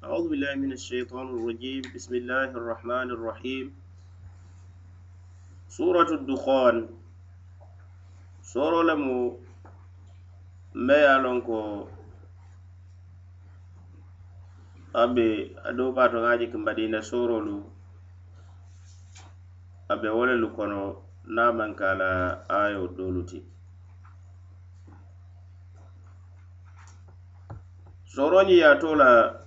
أعوذ بالله من الشيطان الرجيم بسم الله الرحمن الرحيم سورة الدخان سورة لم ما يعلنكو أبي أدوبا تغاجك مدينة سورة لو أبي ولا لكونو نعم كالا آية الدولتي سورة يا تولى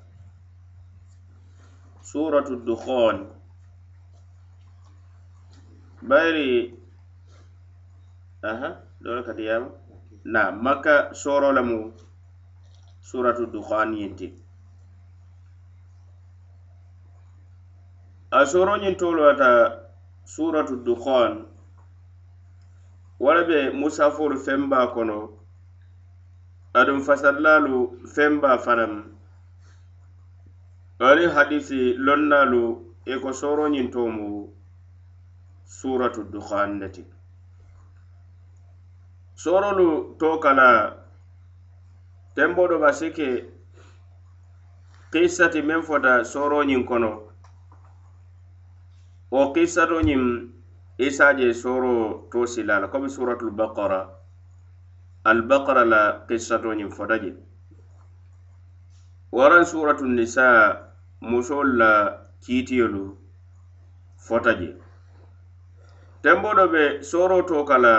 suratu dukhon bayri aha dole ka diya na makka soro la mu suratu dukhon yinti a soro nyin tolo ta suratu dukhon wala be musafuru femba kono adum fasallalu femba fanam ali hadisi lonnaalu i ko sooroñintomu suratu dukhan ne ti soorolu to kana tenbo ɗo ba sike kissati men fota sooroñin kono wo kissatoñin isaje sooro to silala comme suratul baqara albaqara la kissatoñin fota je waran suratu nisaa musol la kiitiyolu fota je tembo do be soro to kala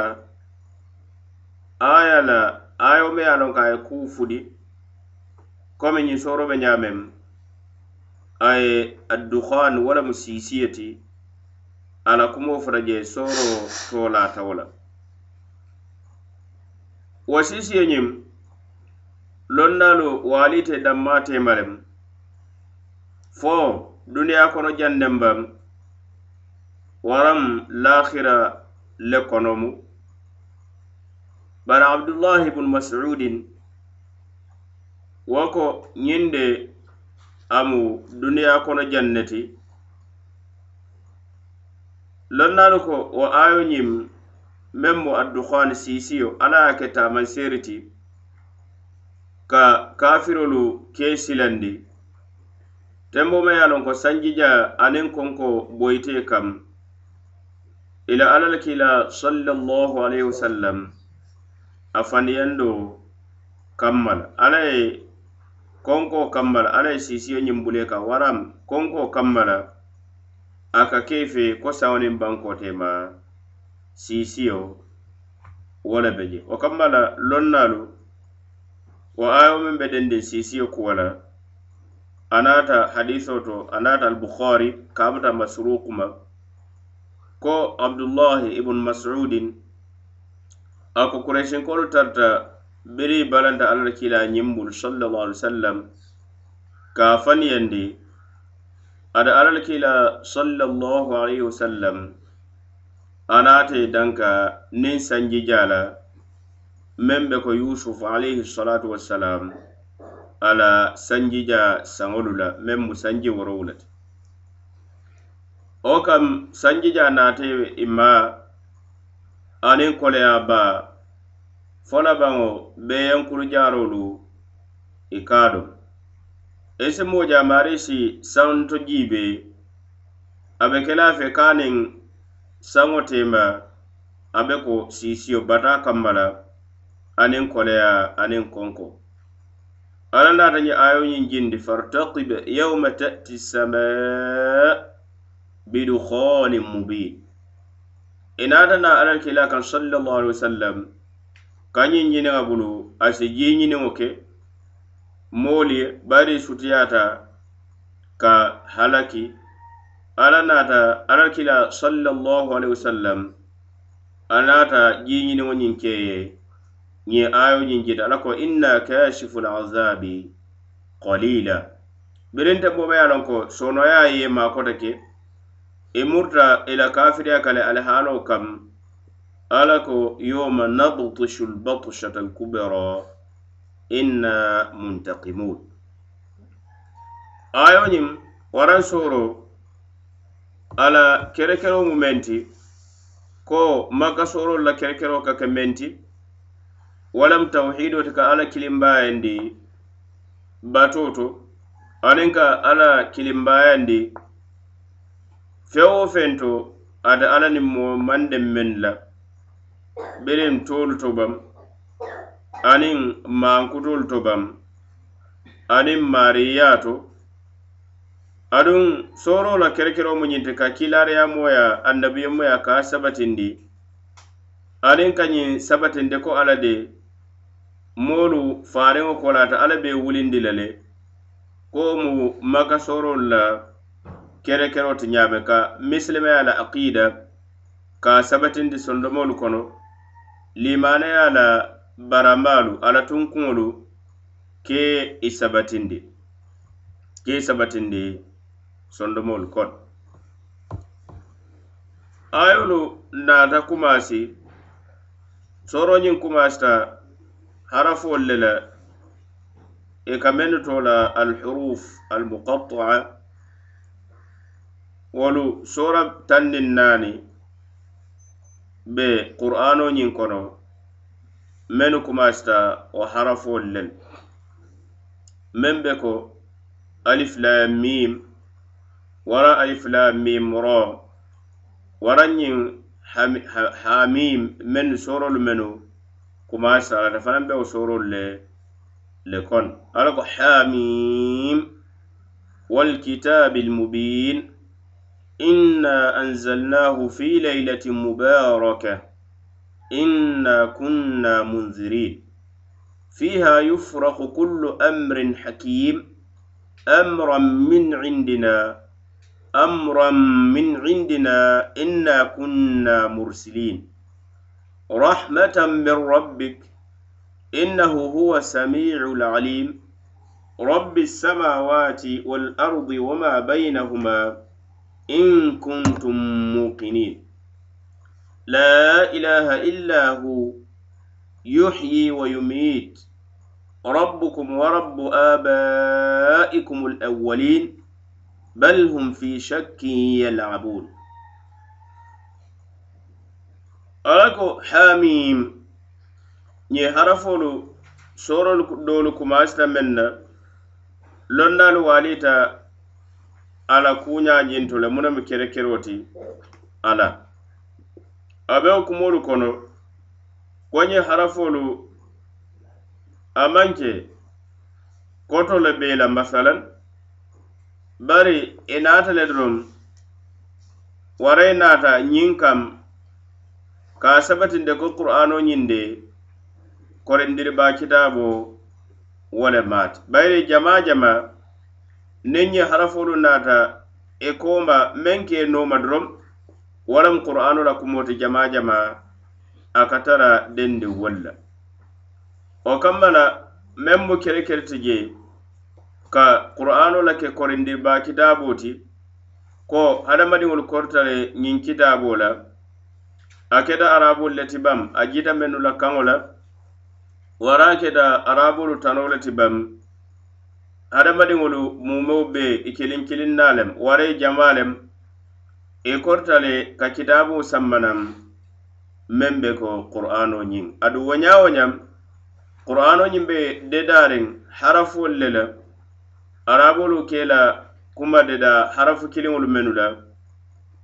aya la ayo me alon ka ye kuu fudi komi ñin soro be ñamem aye addukhan walamu sisiye ti ala kumo fota je soro to la tawola wa sisiye ñin londalu walite dammatemalem wa fo duniya kono jandenbam waram lakhira le konomu bari abdullahi bnu masudin wo ko ñinde amu duniya kono janneti lonnalu ko wo ayo ñim meŋ mu addukhani sisiyo ala ya ke taman seriti ka kafirolu ke silandi tenboma ye lon ko sanjija aniŋ konko boyite kam ila alal kila sallallahu alaihi wasallam a fandiyando kammal ala ye konko kammal ala ye sisiyo ñimbule ka waram konko kammala a ka keife ko sawanin bankotema sisiyo wala beje o kammala lonnalu wo ayo min be dendin sisiyo kuwala anata hadiso to anata albukhari kabata masrukuma ko abdullahi ibn masudin ako kureshinkolu tarta biri balanta alla kila ñimbul sallallahu alaihi wasallam ka faniyandi ada alal kila sallallahu alaihi wasallam anate danka nin sanji jala membe ko yusuf alaihi salatu wassalam ala sanjija sanŋolu la meŋ mu sanji worowu le ti wo kam sanjija naata i ma aniŋ koleya baa fo labaŋo be yankuru jaarolu i ka doŋ ese moja marisi santo jibe abe kela fe kanin sango tema abe ko sisio bata kambala anin kolea anin konko ala naatañi ayoñiŋ jindi fartaqib yawma tati sama bidukhonin mubin ì naata na alal kila kan sallallahu alaihi wasallam kañiŋ ñiniŋa bulu asi jiiñiniŋo ke moolu ye bari sutiyaata ka halaki ala naata alal kila sallallahu alaihi wasallam a naata jiiñiniŋo ñiŋ keye ñe ayo ñiŋ jita ala ko inna kashiful azabi qalila berinte boɓe ye lonko sonoya ye makota ke i e murta ila kafiriya kale alihaalo kam ala ko yoma nabtishu lbatshata lkubra inna muntakimun ayo ñiŋ waran soro ala kerekero mu menti ko makasorol la kerekero ka ke menti walam tawhido ti ka ala kilimbayandi batoto aniŋ ka ala kilimbayandi fewo fento ada ala ni mo manden men la benin tolu to bam aniŋ mankutolu to bam aniŋ mariya to aduŋ soro la kerekero mu ñinti ka kilariya moya annabiyemoya ka sabatindi aniŋ ka ñiŋ sabatinde ko ala de moolu faariŋo kolaata alla be wulindi la le ko mu makasorolu la kerekero ti ñaame ka misilimaya la aqida ka sabatindi sondomolu kono limanaya la barambaalu alla tunkuŋolu ke i sabatindi ke sabatindi sondomolu kono ayolu naata kumasi soroñiŋ kumasita harafol le la i ka mennu to la alhuruf almuqatta'a wolu sora tannin naani be qur'ano ñiŋ kono mennu kumasita wo harafol le meŋ be ko alif lam mim wara alif lam mim ra wara ñiŋ hamim mennu sorolu mennu kuma sarata fanaŋ be wo soorolu le le kono ala ko hamim walkitabi lmubin inna anzalnahu fi laylatin mubaraka inna kunna munzirin فيها يفرق كل أمر حكيم أمرا من عندنا أمرا من عندنا إنا كنا مرسلين رحمة من ربك إنه هو السميع العليم رب السماوات والأرض وما بينهما إن كنتم موقنين لا إله إلا هو يحيي ويميت ربكم ورب آبائكم الأولين بل هم في شك يلعبون ala ko hamim ñe harafolu sorolu doolu kumasita men na londalu walita ala kuñajintu le munomi kerekero ti ala abewo kumolu kono ko ñe harafolu amanke koto le be la masalan bari i naata le doron warai naata ñin kam ka sabatinde ko qur'ano ñinde korendiri ba kitabo wole maati bayri jama jama nin ñe harafolu naata e komba men ke noma dorom walam qur'ano la kumoti jama jama a ka tara dendi wolla o kammala men mo kere kereti je ka qur'ano la ke korendiri ba kitabo ti ko hadamadiŋol kortale ñiŋ kitabo la a keda arabol leti bam a jita mennu la kaŋo la wara keda arabolu tano leti bam hadamadiŋolu mumeo be i kiliŋ kiliŋ na lem wara i jama lem i korta le ka kitabu sammanam meŋ be ko qur'ano ñiŋ adu woña woñam qur'ano ñiŋ be dedariŋ harafol le la arabolu ke la kuma deda harafu kiliŋolu mennu la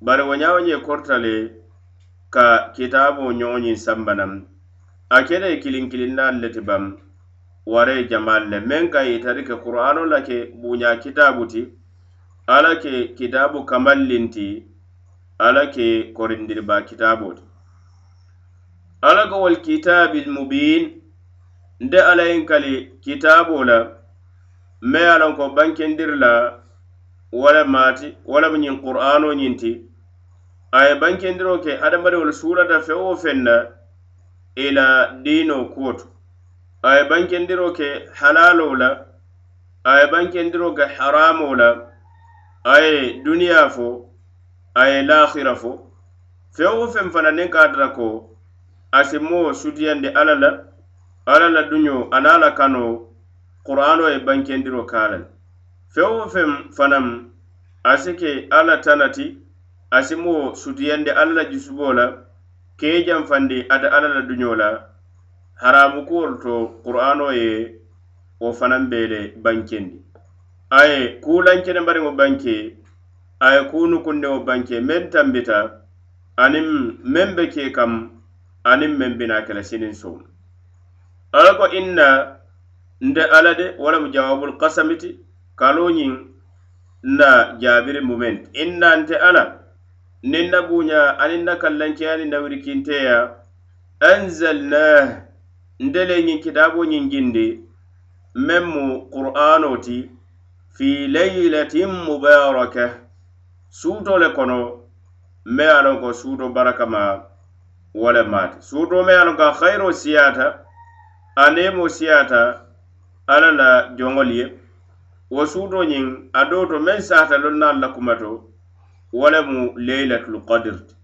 bari woña woñe korta le ka kitabu ñoñin sambanam a kele kilinkilinnan leti bam ware jamal le men ka itari ke qur'ano lake buña kitabu ti ala ke kitabu kamallinti ala ke korindirba kitabu ti ala ka wal kitabil mubin nde alayin kali kitabu la me alanko bankendir la wala mati wala min qur'ano ñinti aye bankendiro ke adamadiwol surata fewo fenna ila dino kuwoto aye bankendiro ke halalo la aye bankendiro ke haramo la aye duniya fo aye lahira fo fewo fen fana nin kadara ko asimo sutiyandi ala la ala la duño ana la kano qur'ano e bankendiro kalani fewo fen fanan asike ala tanati asimoo sutiyandi alla la jusubo la kee janfandi ata alla la duño la haramu kuwolu to qur'ano ye wo fanan be le bankendi aye kuu lankene bari wo banke aye kuu nukunde wo banke men tambita anin men be ke kam anin men bina kela sinin so ala ko inna nde ala de wala mu jawabul qasamiti kaloñin na jabiri mumen inna nte ala nin na buɲa anin na kallanceyani na wirikinteya anzalna ndele ɲin kitabo ɲin jindi men mu qur'ano ti fi laylatin mubaraka suuto le kono me a lon ko suuto barakama wole maati suuto me a lon ko a hayiro siyata anemo siyata ala la joŋol ye wo suuto ɲin a do to men sata lon na alla kumato walamu laylatul qadirti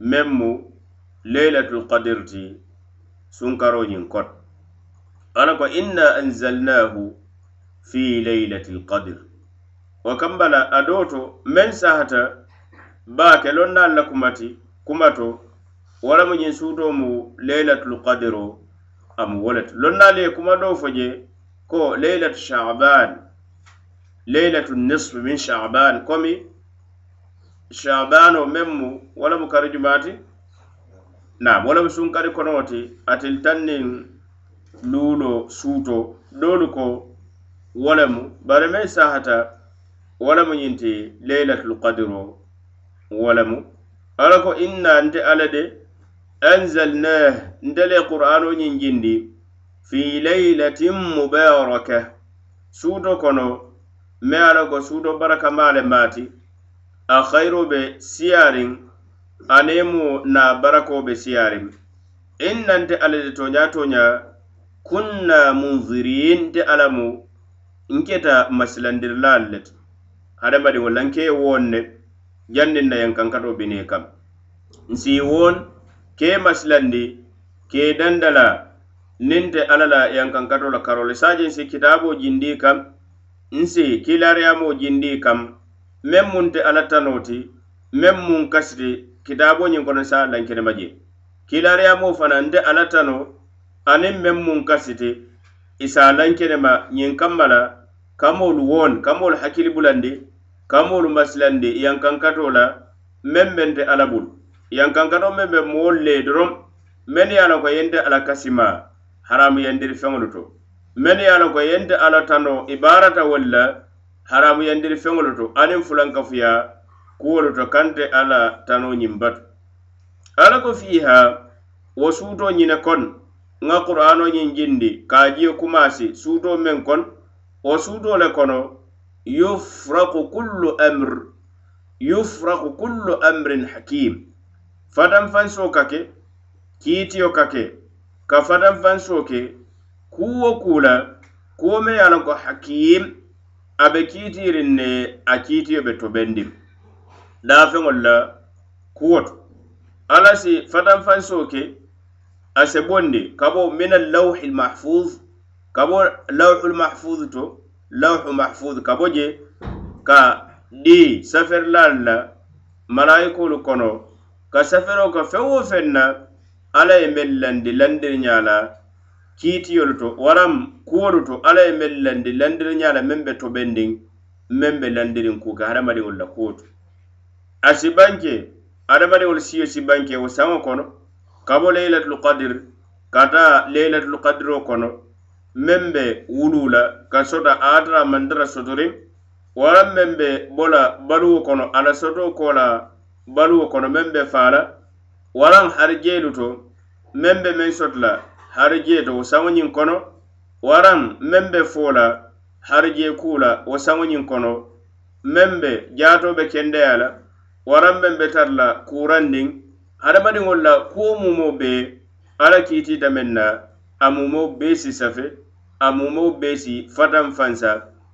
men mu laylatul qadirti sunkaroñin kot ala ko inna anzalnahu fi laylatil qadir wa kambala adoto men sahata baake lonnal la kumati kumato walamu ñin suuto mu laylatul qadiro amu wolata lonnaali ye kumado fo je ko laylatu shaban laylatu nisfe min shaban komi shaban o meŋ mu wo le mu kari jumaati naam wo le mu sunkari konoo ti atil taŋ niŋ luulo suuto doolu ko wo le mu bari meŋ sahata wo le mu ñiŋ ti leilatul kadiro wo le mu alla ko inna nte alla de anzalnah nte le qur'ano ñiŋ jindi fi leilatin mubaraka suuto kono meŋ alla ko suuto barakamaa le maati a khairu be siyarin anemu na barako be siyarin in nan ta alade tonya tonya kunna munzirin ta alamu nke ta masilandir lalit hada bari wallan ke wonne jannin na yankan kado bine kam nsi won ke masilandi ke dandala nin ta alala yankan kado la karol sajin si kitabo jindi kam nsi kilariyamo jindi kam meŋ mun te alla tanoo ti meŋ mun kasiti kitaaboo ñiŋ kono sa lankinema je kilariyamoo fana nte alla tano aniŋ meŋ mun kasiti isa lankinema ñiŋ kamma la kamoolu woon kamoolu hakkili bulandi kamoolu masilandi yankankatoo la meŋ meŋ te alla bulu yankankatoo meŋ be moolu le doroŋ meŋ ye a loŋ ko yente alla kasima haramu yandiri feŋolu to meŋ ye a loŋ ko yente alla tano ibaarata wolu la haramu yandiri feŋolu to aniŋ fulankafuya kuwolu to kante alla tano ñiŋ batu alla ko fiha wo suuto ñine kon nŋa qur'ano ñiŋ jindi ka jio kumasi suuto meŋ kon wo suuto le kono yufraku kullu amr yufraku kullu amrin hakim fadanfanso ka ke kiitiyo ka ke ka fadanfanso ke kuwo kula kuwo meŋ ye lanko hakim a be kiitiirin ne a kiitiyo be tobendim laafeŋol la kuwoto alla si fatanfansoo ke a sebondi kabo min allawhil mahfuz kabo lawhul mahfuz to lawhu mahfuz kabo je ka ɗi safirlaal la malayikolu kono ka safiro ka feŋ wo feŋ na alla ye mel landi landiri ñaa la kiitiyolu to waraŋ kuwolu to alla ye meŋ landi landiri ñaa la meŋ be tobendiŋ meŋ be landiriŋ ku ke hadamadiŋolu la kuwo to a sibanke hadamadiŋolu siyo sibanke wo saŋo kono ka bo leilatul kadiri kata leilatul kadiro kono meŋ be wulu la ka sota aatara mandira sotoriŋ walaŋ meŋ be bo la baluwo kono ala soto ko la baluwo kono meŋ be faala walaŋ harijeelu to meŋ be meŋ soto la harijee to wo saŋo ñiŋ kono waran meŋ be fo la harije ku la wo saŋoñiŋ kono meŋ be jaato be kendeya la waran meŋ be tara la kurandiŋ hadamadiŋol la kuo mumo be alla kiitiita meŋ na a mumo be si safe a mumo be si fatan fansa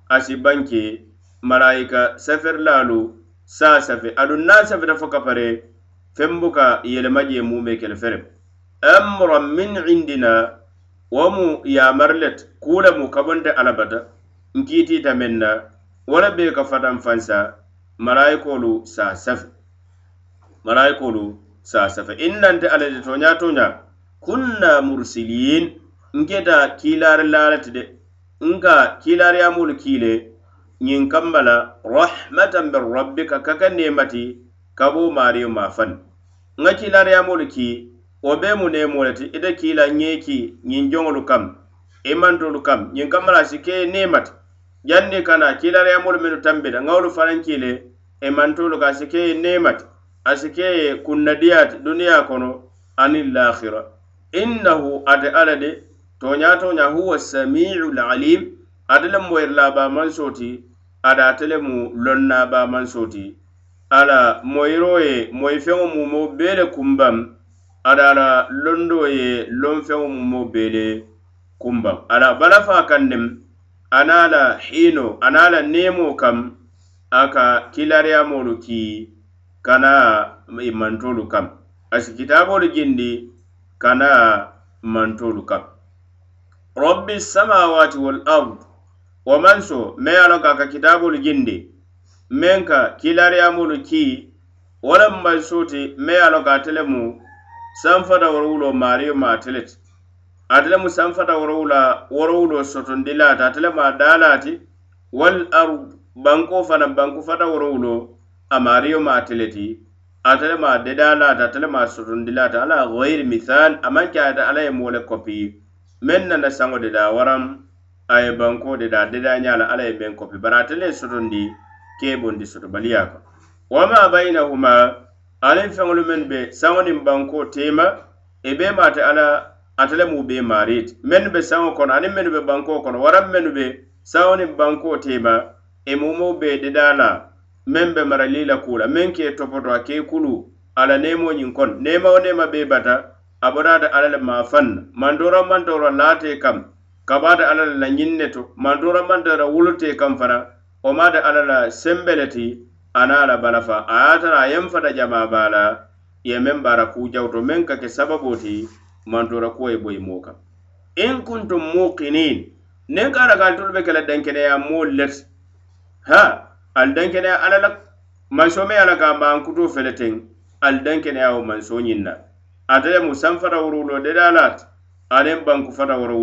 a si banke malayika safirilaalu saa safe aduŋ naŋ safeta fo kapare feŋ buka yelema jee mume kele ferem amra min indina wo mu yamar let kula mu kabonte alabata in meŋ na wo la bee ka fatan fansa marayikolu saa safe marayikolu in nante ta de toña toña kunna mursiliyin nketa kiilaari laala ti de nka kiilaariyamolu kiile ñiŋ kamma la rahmatan min rabbika ka ka neemati ka bo maariyo ma fan nŋa kiilaariyamolu kii wo be mu nemo le ti ite kiila ñee ki ñiŋ joŋolu kam i mantolu kam ñiŋ kamala si ke nemati jaŋ ni kana kiilariyamolu minnu tambita ŋawolu fanaŋ kiile i mantolu ka a si ke ye nemati a si ke ye kunnadiyaati duniya kono aniŋ laahira innahu ate alla de toñaa toña huwa samiu lalim ate le moyiri labamansoti ada ate le mu lonnabamansoti ala moyiro ye moyi feŋo mumo bee le kumbaŋ adala londo ye lonfeŋo mumo bele kumba ala balafa kandem anala hino anala nemo kam a ka kilariyamolu ki kana mantolu kam asi kitabolu jindi kana mantolu kam rabbi samawati wal ard wo man so me ye lon ka ka kitabolu jindi meŋ ka kilariyamolu ki wo lemman suti me ye lon ka sanfata worowulo mario maa tele ti mu sanfata worowula worowulo sotondi laati ate le maa wal aru, banko fana banku fata worowulo a mario ma tele ti ate le maa dedaa laati ala gayri mithal a maŋ ke ala ye moo kopi meŋ nana sango deda waram a banko deda dedaa la ala ye meŋ kopi bari ate le ye sotondi ke bondi baliya ko wama bainahuma aniŋ feŋolu meŋ be saŋoniŋ banko teema i e bee maate ala ate lemu be maariti mennu be saŋo kono aniŋ mennu be banko kono waraŋ mennu be saŋoniŋ banko teema i e mumoo be dadaa la meŋ be marali la kuu la meŋ ka topoto a ka i kulu ala neemoo ñiŋ kono neema wo neema bee bata a bataata ala le maafaŋ na mantoora mantoora laatee kam kabaata ala la la ñiŋ ne to mantoora mantoora wolutee kam fana o maata ala la sembe le ti ana la balafa a ye tara a fata jama bala la ye meŋ bara kujawo to meŋ ka ke sababu ti mantora ko ye boyi in kuntum muqinin niŋ ka ala ka alitolu be ke la ya moolu ha al ha ne dankeneya ala la so me ye ala ka maŋ kuto al teŋ ali dankeneya man so ñiŋ na ate mu san fara wurulo de dalat la ban ku banku fata woro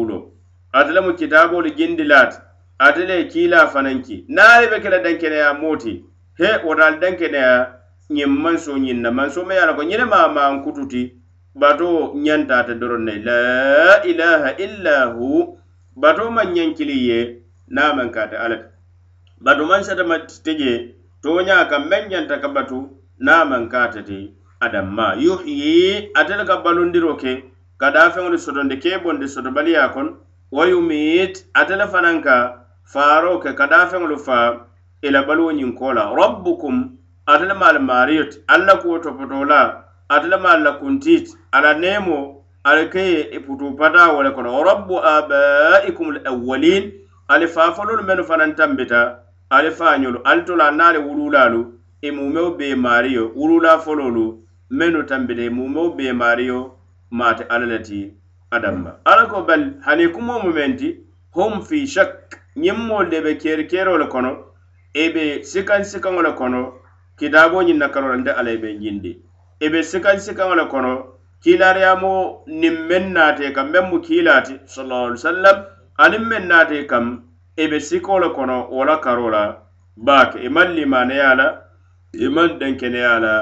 mu kitabo li la ti kila fananki kiilaa be kala danke dankeneya moo moti. he wotal denkeneya ñiŋ manso ñiŋ na manso ma ye a la ko ñine ma maŋ kututi bato ñantate doron ne la ilaha illa hu bato maŋ ñeŋ kili ye naŋ meŋ kate alla ti bato maŋ satama te je toña kaŋ meŋ ñanta ka batu naŋ meŋ kate ti adam ma yuhyi ate le ka balundiro ke ka dafeŋolu sotondi ke bondi soto baliya kon wa yumit ate le fanaŋ ka faaro ke ka dafeŋolu faa ila baluwo ñiŋ kola rabbukum atelemaal mariyot alla kuwo topotola atelemaal la kuntit ala nemo ala keye e putu pata wole kono rabbu abaikum lawalin ali fafololu menu fanaŋ tambita ali fañolu ali tola naali wululaalu i e mumeo bee mariyo wulula fololu menu tambita i e mumeo bee mariyo mate ala le ti adamma hmm. ala ko bal hani kumo mu menti hum fi shak ñiŋ moolu de be keri kerole kono ebe sikan sikan wala kono kidabo nyin na kalo nda ala ebe nyinde ebe sikan sikan wala kono kilare amo nim menna te kam memmu kilati sallallahu alaihi wasallam anim menna te kam ebe sikola kono wala karola bak e malli mane yala e man den e kene yala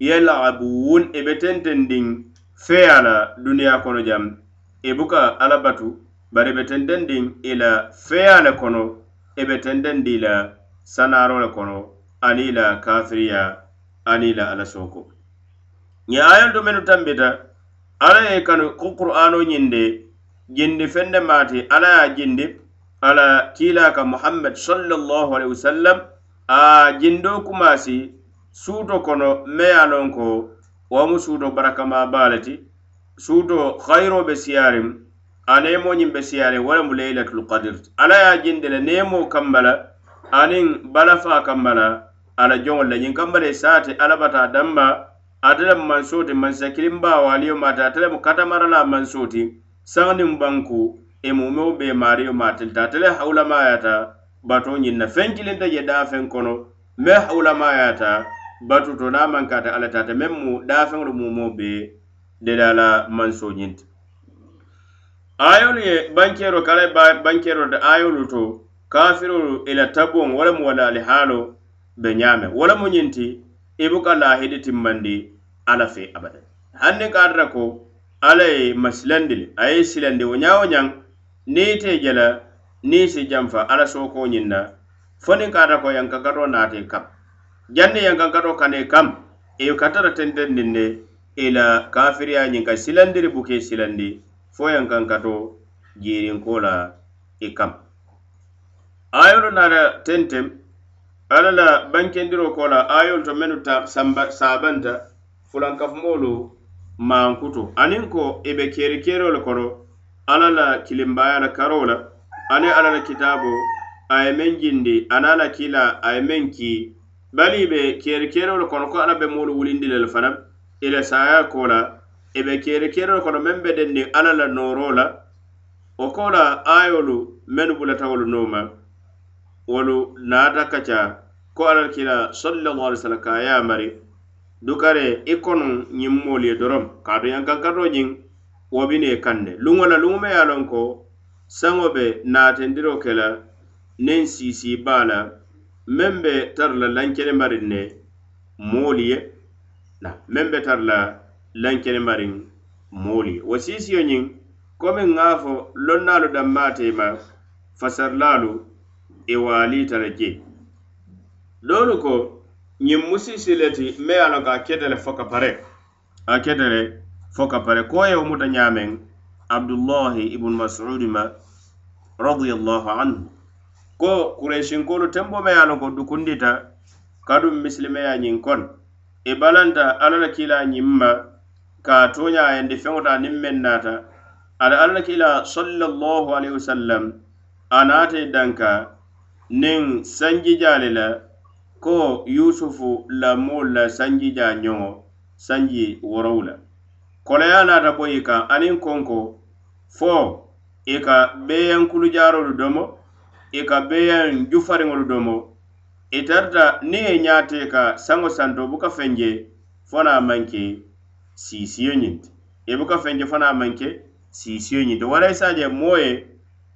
yela abun ebe tentending fe yala duniya kono jam e buka alabatu bare be tendending ila fe yala kono ebe tendendila sanaro le kono ani la kafiriya ani la ala soko ni ayol do menu tambita ala e kanu ko qur'ano nyinde jindi fende mati ala ya jindi ala tila ka muhammad sallallahu alaihi wasallam a jindo kumasi suto kono meyanon ko wamu suto baraka ma balati suto khairo be siyarim anemo nyimbe siyarim wala mu laylatul qadr ala ya jindele nemo kambala aniŋ bala faa kambala ala joŋol le ñiŋ kambale saate alla bata damba ate lemu mansooti mansa kilimbaawaaliyo maate ate lemu katamara la mansooti saŋ niŋ banku i mumeo be maario maatelita ate le hawulamayata bato ñiŋ na feŋ kilinta je daafeŋ kono me hawulamayata batu to naa maŋ kaate alla taate meŋ mu daafeŋolu mumeo be dede a la mansoo ñinta ayolu ye bankeero kala bankeero de ayolu to kafirolu ila tabon wala mu wala alihalo be ñame wala mu ñinti ibuka lahidi timmandi ala fe abada hanni kadra ko ala ye masilandili a ye silandi wo ñawo ñang ni te jela ni si janfa ala soko ñinna foni kadra ko yankankato naate kam janni yankankato kane kam e katara tentendin de ila kafiriya ñin ka silandiri buke silandi fo yankankato jirinko la i e kam ayolu nana tentem ala la bankendiro ko la ayolu to menu ta samba, sabanta fulankafumolu mankuto anin ko ibe keri kerol koro ala la kilimbaya la karola ani ala la kitabo aye men jindi anala kila aye men ki bali ibe keri kerol kono ko ala be molu wulindi lel fana ila saya ko la ibe keri kerol kono men be denni ala la norola o ko la ayolu menu bulatawolu noma wolu naata kaca ko alal kila sallallahu alaihi wasallam ka ya mari dukare ikonu nyim moli dorom ka do yankan kado nyin wobine kande lungola lungume ya lonko sangobe naaten diro kela nen sisi bala membe tarla lankene marin ne moliye na membe tarla lankene marin moliye wo sisiyo nyin komin ngafo lonnalu dammatema fasarlalu e waalitala je doolu ko ñiŋ musisi le ti me ye a loŋ ka a kete le fo ka pare a kete le fo ka pare ko ye wo muta ñaameŋ abdullahi ibnu masudi ma radiallahu anhu ko kureisinkolu tembo me ye a loŋ ko dukundita kaduŋ misilimeya ñiŋ kon i balanta alla la kiila ñiŋ ma ka a tooña a yendi feŋota niŋ meŋ naata ada alla la kiila sallallahu alaihi wasallam a naata i danka nin sanjijaale la ko yusufu lamool la sanjija ñoŋo sanji worowu la koloya naata bo i kaŋ aniŋ konko fo i ka beeyaŋ kulujaarolu domo i ka beeyaŋ jufariŋolu domo itarta niŋ ye ñaate ka saŋo santo buka feŋ je fo na maŋ ke siisiyo ñinti i buka feŋ je fo na maŋ ke siisiyo ñinti walaisa je moo ye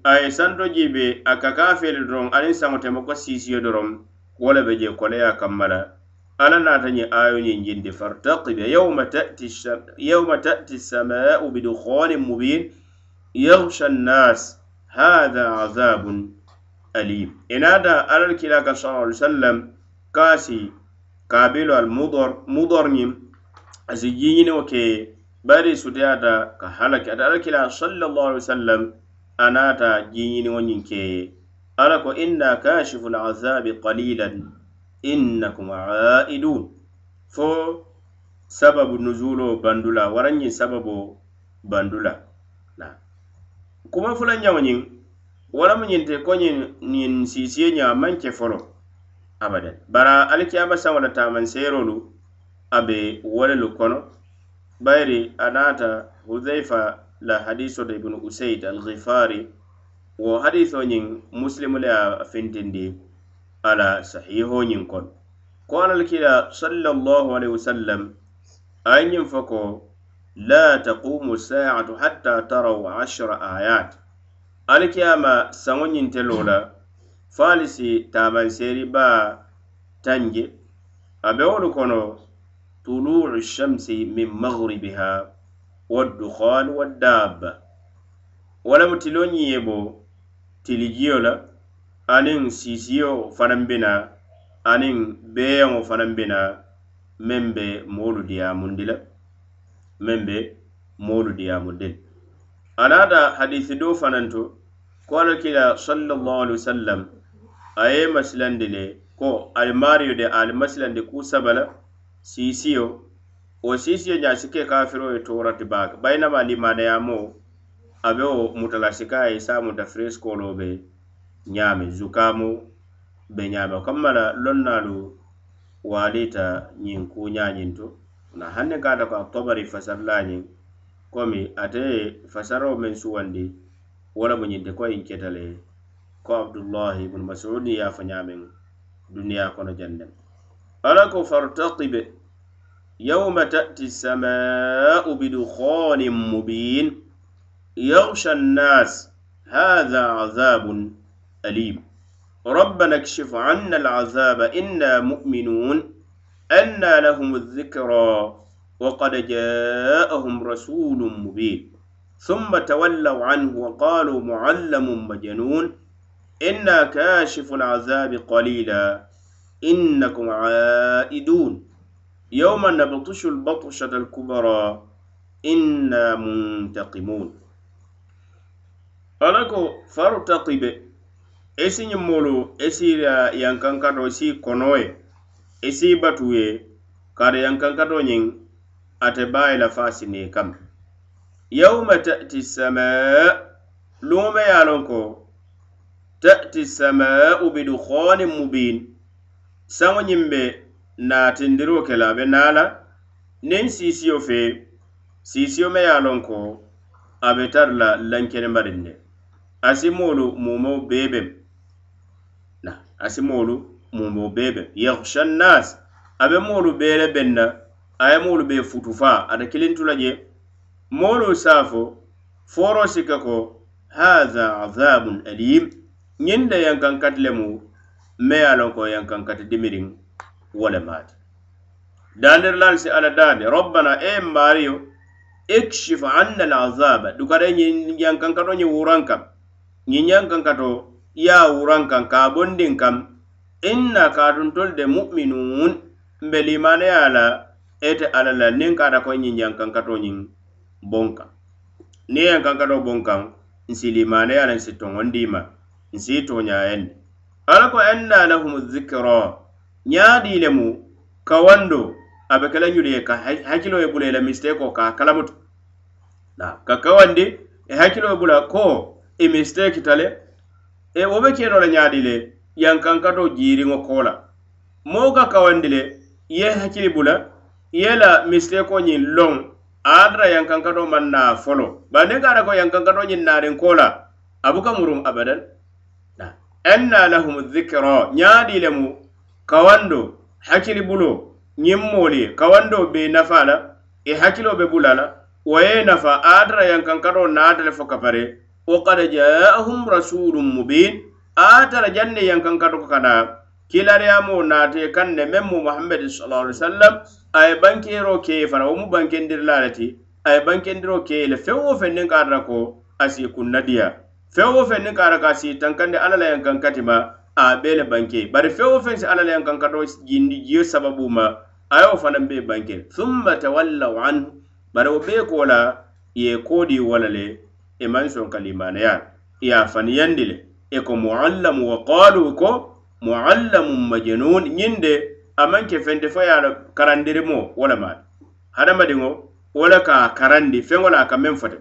a ye santo jiibe a ka kaŋ feele doroŋ aniŋ saŋo tema ko siisiyo doroŋ wo le be je koleya kamma la alla naata ñiŋ ayo ñiŋ jindi fartaqibe yawma ta'ti yawma ta'ti samaa'u bidukholin mubin yaghsha nnas hadha azabun alim inada alal kila ka sallallahu alaihi wasallam kasi kabilo al mudor mudor ñiŋ asi jiñiniwo ke bari suteyata ka halaki ata alal kila sallallahu alaihi wasallam anata jiyiniŋo ñiŋ keye alla ko inna kashifu lazabi qalilan innakum aidun fo sababu nuzulo bandula waraŋñiŋ sababu bandula kuma fula ñaŋo ñiŋ walamu ñinte koñiŋ ñiŋ siisiye ñaŋ a maŋ ke folo abadan bara alikiyama saŋo la taamanseerolu abe wolelu kono bayri anata huzaifa la hadiso da ibnu usaid al-ghifari wo hadiso nyin muslimu la a fintindi ala sahiho nyin kon. ko alal kila sallallahu alaihi wasallam ayin fako la taqumu saatu hatta taraw ashra ayat alkiyama saŋo ñiŋ falisi loo la fo tanje a be kono tuluu shamsi min maghribiha والدخان والدابة ولم تلوني يبو تلجيو أنين سيسيو فرنبنا أنين بيان فرنبنا ممبي مولو ديا مندل ممبي مولو ديا مندل أنادا حديث دو فننتو قال كلا صلى الله عليه وسلم أي مسلندلي كو الماريو دي المسلندي كو سبلا سيسيو wo sisiye ñasi ke kafiro ye torati baake bayinama limanayamo a be wo mutalasika ye samu da freskolo be ñaami zukamu be ñaami kammala lonnaalu walita ñiŋ kuñañinto na hanne kata ko a tobari fasarlañiŋ komi ate fasaro men suwandi wala muñinte ko in ketale ko abdullahi ibnu masudi yafa ñaamin duniya kono jandem ala ko fartakibe يوم تأتي السماء بدخان مبين يغشى الناس هذا عذاب أليم ربنا اكشف عنا العذاب إنا مؤمنون أنا لهم الذكرى وقد جاءهم رسول مبين ثم تولوا عنه وقالوا معلم مجنون إنا كاشف العذاب قليلا إنكم عائدون يوم نبطش البطشة الكبرى إنا منتقمون ألاك فارتقب إسي نمولو إسي يانكان كارو إسي كونوي إسي باتوي كار يانكان كارو نين أتباعي لفاسيني كم يوم تأتي السماء لوم يالونكو تأتي السماء بدخان مبين سامو نمبي natindiro kela be nala nin sisiyo fe sisiyo me yalon ko abe tarla lankene marinne asimolu mumo bebe na asimolu mumo bebe yaghsha nas abe molu bele benna aye molu be futufa ada kilintula je molu safo foro sikako hadha azabun alim nyinda yankankatlemu me yalon ko yankankat dimirin wo le maati daandirilaal si ala daandi robbana e maariyo ekchif anna alazaba dukare ñiñankankato ñi wuran kam ñiñankankato ya wuran kam kaa bondin kam inna kaatuntol de muminun mbe limaneya la ete ala la nin kaata ko ñiñankankato ñin bon kam ni yankankato bon kam nsi limaneya la nsi toŋondiima nsi toñayandi ala ko anna lahum dzikra ñaaɗiile mu kawando a be ke la ñulu ye ka hakkilo ye bula i la misteekoo ka a kalamutu ka kawandi e hakkilo ye bula ko i e misteeki ta le e wo be keno la ñaaɗi le yankankato jiiriŋo koo la moo ka kawandi le i ye hakkili bula i ye la misteekoo ñiŋ loŋ aadara yankankato maŋ naa folo bari ne ka ara ko yankankato ñiŋ naariŋ koo la a buka muruŋ abadan enna lahum dhikra ñaaɗi le mu kawando hakili bulo ñiŋ moolu ye kawando be e nafa la i hakilo be bula la wo ye nafa ate la yankankato naata le fo kapare wo kad jaahum rasulum mubin ate la jaŋ ne yankankato ko kana kilariyamo naate kaŋ ne meŋ mu muhamadi sallallahu alaihi wasallam a ye bankero ke fana wo mu bankendiri la le ti a ye bankendiro ke le feŋ wo feŋ niŋ ka ata ko a si kunna diya feŋ wo feŋ niŋ ka ata ko a si tankandi alla la yankankati ma a be le banke bari feo feŋ si alla le yaŋ kankato jindi jio sababu ma a ye wo fanaŋ be banke thumma tawallau anhu bari wo bee ko la ye koodi wala le e maŋ soŋ ka limanaya ye a faniyandi le e ko muallamu wa qalu ko muallamu majanun ñiŋ de a maŋ ke feŋ te fo ye a karandiri mo wo le maa hadamadiŋo wo le ka a karandi feŋo le a ka meŋ fote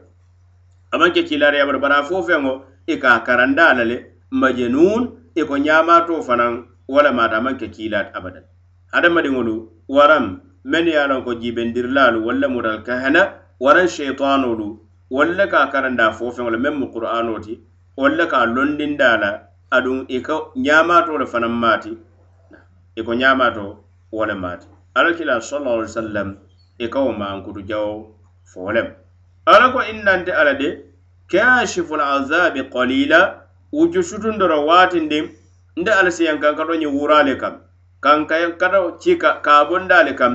a maŋ ke kilariyabara bari a fo feŋo i e ka a karanda a la le majanun i ko ñaamaatoo fanaŋ wo le maata a maŋ ke kiilaati abadan hadamadiŋolu waraŋ mennu ye a loŋ ko jiibendirilaalu walla mutal kahana waraŋ sheitanolu walla ka karanda karandaa fo feŋo le meŋ mu qur'anoo ti walla ka a dala la aduŋ i ko ñaamaatoo le fanaŋ maati i ko ñaamaatoo wo le maati alakila sallallahu alaihi wasallam i ka wo maankutu jawo fo lem ala ko innante ala de kashiful azabi qalila wuccu sutun dora waatin din nde alasiyan kan kato ñi wurale kam kan kato ci kaabondale kam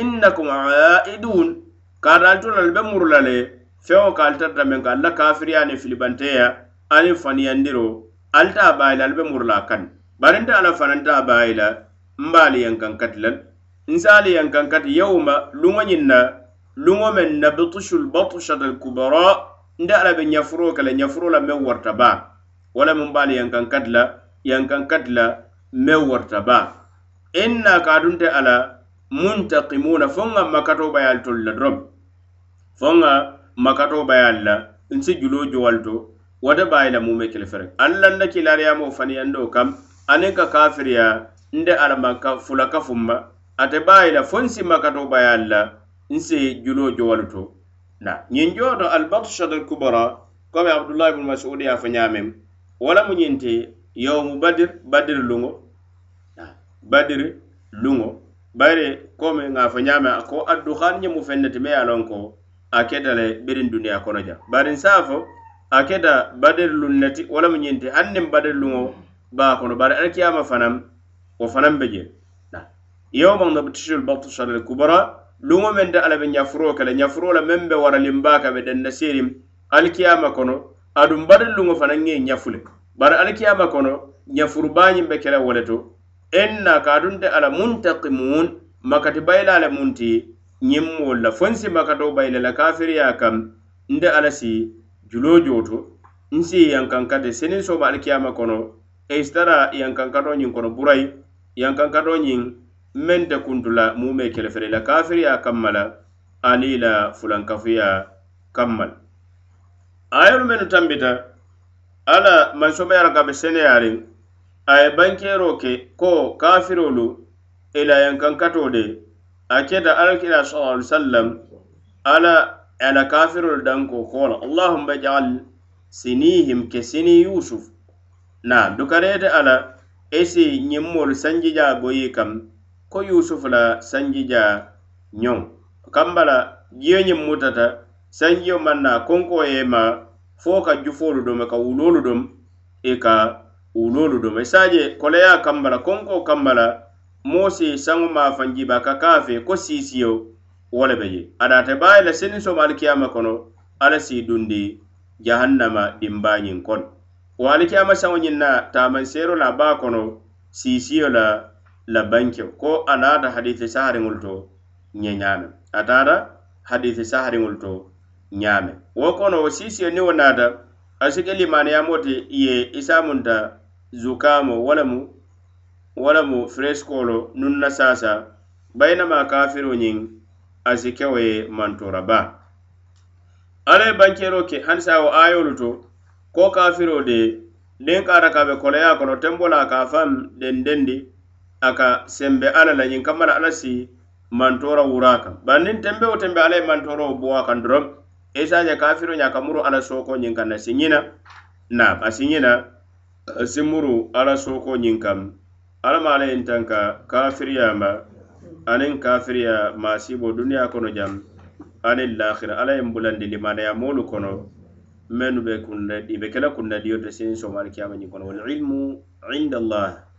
innakum aidun kaataltunal be murulale feŋo ka al tarta men ko alla kafiriya ni filibanteya aniŋ faniyandiro alta bayila al be murula kan bari nte ala fananta bayila mbaali yan kan katilan nsaali yan kan kati yawma luŋo ñiŋ na luŋo meŋ nabtusul batushatal kubara nde ala be ñafuro kele ñafuro la meŋ warta baa wala mun bali yankan kadla yankan kadla me warta ba inna kadunte ala muntaqimuna fonga makato bayal to la drom fonga makato bayal la insi julo jowalto wada bayila mu me kele fere alla nda kilari amo fani ando kam aneka kafiriya nde ala makka fulaka fumba ate bayila fonsi makato bayal la insi julo jowalto na nyinjo to al-baqsh al-kubra kama abdullah ibn mas'ud ya fanyamem wala mu ñinte yawmu badir badir lungo badir lungo bayre komi nga fo ñame a ko addu xaal ñemu fenneti me ye lon ko a kedale birin duniya kono ja barin safo a keda badir lun neti wala mu ñinte han nin badir lungo ba kono bari alkiyama fanam o fanan be je yawo bang da tishul batu shalil kubara lungo men da alabe ñafuro kala ñafuro la membe wara limba ka be den nasirim alkiyama kono adum badal lungo fana ngi nyafule bar alkiyama kono nyafur bañi be kela woleto enna ka adun de ala muntaqimun makati baylala munti nyimmo la fonsi makato baylala kafir ya kam nde ala si julo joto nsi yankan kade senin so ba alkiyama kono e stara yankan kado nyin kono burai yankan kado nyin mente kuntula mume kele fere la kafir ya kammala alila fulan kafiya kammala ayolu menu tambita ala mansomeyara kabe seneyarin aye bankero ke ko kafirolu ilayan kankato de aketa alakira sal sallam ala ala kafirolu danko kola allahumma jaal sinihim ke sini yusuf na dukarete ala esi nyimmolu sanjija boyi kam ko yusuf la sanjija nyon kambala jiyo nyimmutata sanjiyo man na konko e ma fo ka jufolu dom e ka wulolu dom e ka wulolu dom e saje koleya kambala konko kambala mosi sango ma fanjiba ka kafe ko sisiyo wala beje ada te baye la sinin so mal kiyama kono ala si dundi jahannama dimbanyin kon wa al kiyama sango nyinna taman sero la ba kono sisiyo la la banke ko anada hadithi sahari ngulto nyenyana atada hadithi sahari ngulto ñaame wo kono wo siisiyo niŋ wo naata asi ke ti ye isa zukamo walamu walamu freskolo nuŋ na saasa bayinama kafiro ñiŋ asi ke wo ye mantora ba alla ye bankero ke hani saa wo ayolu to ko kafiro de niŋ kara ka be koleya kono tembo la ka fam dendendi a ka sembe alla la ñiŋ kamma alla si mantora wura kaŋ bari niŋ tembewo tembe alla ye mantoro bo a doroŋ esaña kafiro ñaka muru ala soko ñin kam na siñina naam a siñina si muru ala soko ñin kam alamala yin tanka kafiriyama aniŋ kafiriya masibo duniya kono jam aniŋ lahira alla yin bulandi limanaya moolu kono mennu be kunna ibe kela kunna diyo te sin somali kiyama ñin kono walilmu inda allah